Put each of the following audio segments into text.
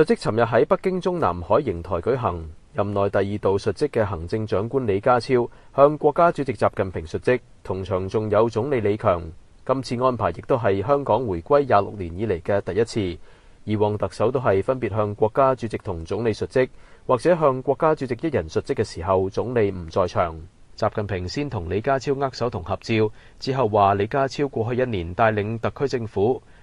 述職尋日喺北京中南海瀛台舉行，任內第二度述職嘅行政長官李家超向國家主席習近平述職，同場仲有總理李強。今次安排亦都係香港回歸廿六年以嚟嘅第一次。以往特首都係分別向國家主席同總理述職，或者向國家主席一人述職嘅時候，總理唔在場。習近平先同李家超握手同合照，之後話李家超過去一年帶領特區政府。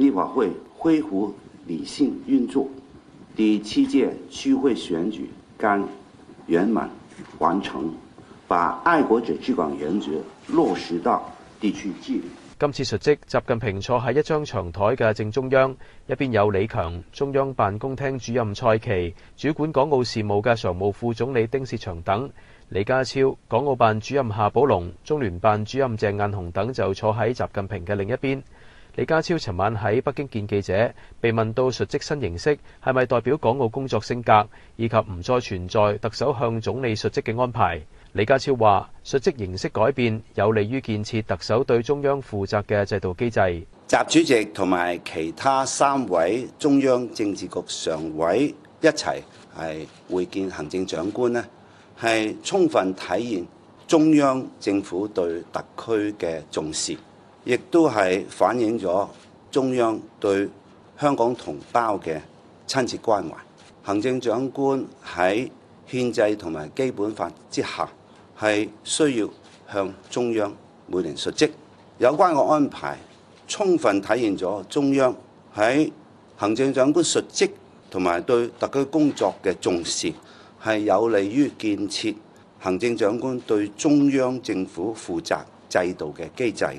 立法會恢復理性運作，第七屆區會選舉剛圓滿完成，把愛國者治港原則落實到地區治理。今次述職，習近平坐喺一張長台嘅正中央，一邊有李強、中央辦公廳主任蔡奇、主管港澳事務嘅常務副總理丁薛祥等，李家超、港澳辦主任夏寶龍、中聯辦主任鄭雁雄等就坐喺習近平嘅另一邊。李家超尋晚喺北京見記者，被問到述職新形式係咪代表港澳工作性格，以及唔再存在特首向總理述職嘅安排。李家超話述職形式改變，有利於建設特首對中央負責嘅制度機制。習主席同埋其他三位中央政治局常委一齊係會見行政長官呢，係充分體現中央政府對特區嘅重視。亦都係反映咗中央對香港同胞嘅親切關懷。行政長官喺憲制同埋基本法之下係需要向中央每年述職。有關嘅安排充分體現咗中央喺行政長官述職同埋對特區工作嘅重視，係有利於建設行政長官對中央政府負責制度嘅機制嘅。